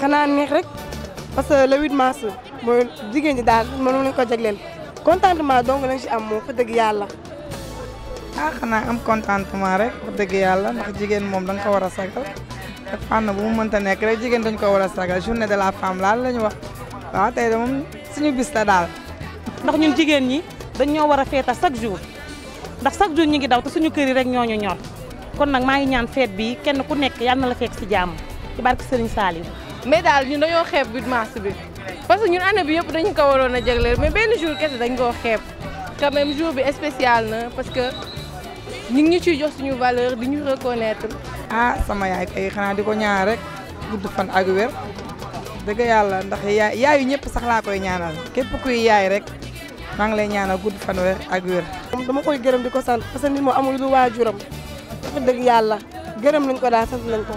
xanaa neex rek parce que le 8 mars mooy jigéen ñi daal mënoon nañu ko jagleel contentement dong lañ si am moom fa dëgg ah am contentement rek fa dëgg yàlla ndax jigéen moom da ko war sagal te fànn bu mu mënta nekk rek jigéen dañ ko war sagal journée de la femme laal la ñu wax waaw tey de moom suñu bis la daal. ndax ñun jigéen ñi dañ ñoo war a chaque jour ndax chaque jour ngi daw te suñu kër yi rek ñoo ñu ñor kon nak maa ngi ñaan feet bi kenn ku nekk yàlla na la fekk si jàmm ci barke Serigne mais daal ñun dañoo xeeb 8 mars bi parce que ñun année bi yëpp dañu ko waroon a jagleel mais benn jour kese dañ koo xeeb quand même jour bi spécial na parce que ñu ngi ñu ciy jox suñu valeur di ñu reconnaître. ah sama yaay kay xanaa di ko ñaan rek gudd fan ak wér dëgg yàlla ndax yaay yaayu ñëpp sax laa koy ñaanal képp kuy yaay rek maa ngi lay ñaanal gudd fan wér ak wér. dama koy gërëm di ko sant parce ni nit moo amul lu waajuram dafa dëgg yàlla gërëm lañ ko daal sant lañ ko.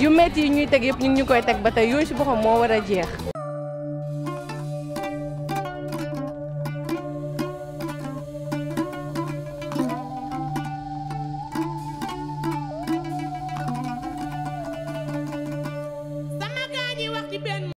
yu métti yi ñuy teg yëpp ñu ngi ñu koy teg ba tey yooyu si boppam moo war a jeex.